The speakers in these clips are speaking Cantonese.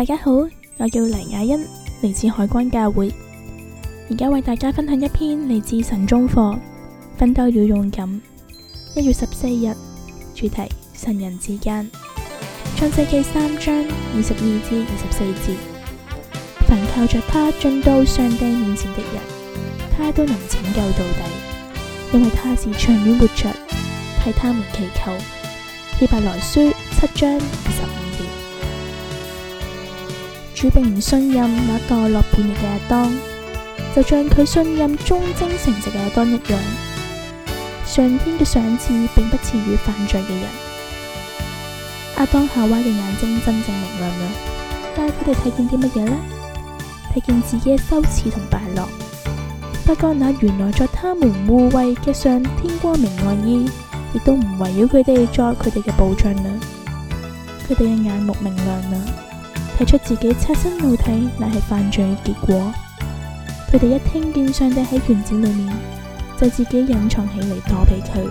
大家好，我叫黎雅欣，嚟自海關教會。而家為大家分享一篇嚟自神中課，奮鬥與勇敢。一月十四日，主題神人之間，創世紀三章二十二至二十四節。凡靠着他進到上帝面前的人，他都能拯救到底，因為他是長遠活着，替他們祈求。希伯來書七章二十五。主並唔信任那墮落叛逆嘅阿當，就像佢信任忠貞誠實嘅阿當一樣。上天嘅賞賜並不賜予犯罪嘅人。阿、啊、當夏娃嘅眼睛真正明亮啦，但係佢哋睇見啲乜嘢呢？睇見自己嘅羞恥同敗落，不過那原來在他們護衛嘅上天光明外衣，亦都唔圍繞佢哋作佢哋嘅保障啦。佢哋嘅眼目明亮啦。提出自己赤身露體乃係犯罪結果。佢哋一聽見上帝喺園子裏面，就自己隱藏起嚟躲避佢，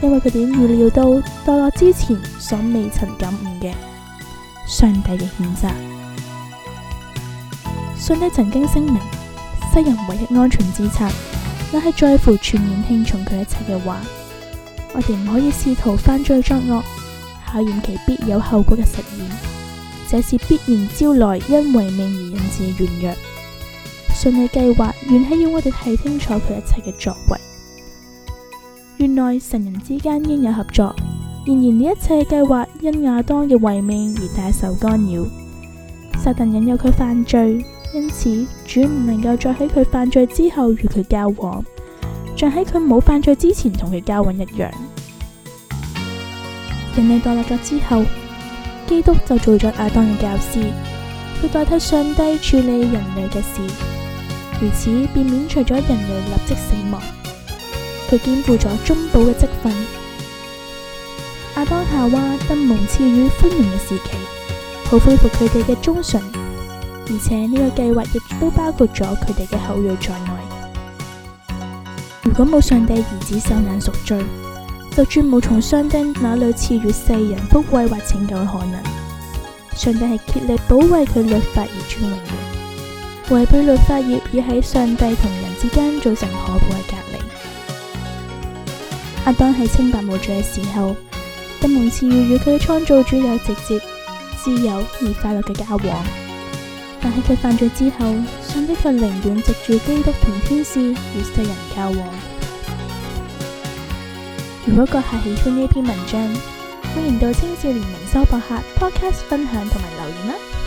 因為佢哋預料到墮落之前所未曾感悟嘅上帝嘅譴責。上帝曾經聲明：世人唯一安全之策，乃係在乎全然聽從佢一切嘅話。我哋唔可以試圖犯罪作惡，考驗其必有後果嘅實現。這是必然招來因違命而引致的軟弱。上帝計劃原係要我哋睇清楚佢一切嘅作為。原來神人之間應有合作，然而呢一切計劃因亞當嘅違命而大受干擾。撒旦引誘佢犯罪，因此主唔能夠再喺佢犯罪之後與佢交往，像喺佢冇犯罪之前同佢交往一樣。人類墮落咗之後。基督就做咗亞當嘅教師，佢代替上帝處理人類嘅事，如此便免除咗人類立即死亡。佢肩負咗中保嘅職分。亞當夏娃得蒙賜予寬容嘅時期，好恢復佢哋嘅忠純，而且呢個計劃亦都包括咗佢哋嘅後裔在內。如果冇上帝兒子受難贖罪，就絕無從上帝那裡賜予世人福慧或拯救的可能。上帝係竭力保衛佢律法而尊榮嘅，違背律法業已喺上帝同人之間造成可怖嘅隔離。阿當喺清白無罪嘅時候，得蒙賜予與佢嘅創造主有直接、自由而快樂嘅交往。但係佢犯罪之後，上帝卻寧願藉住基督同天使與世人交往。如果閣下喜歡呢篇文章，歡迎到青少年靈修博客 Podcast 分享同埋留言啦。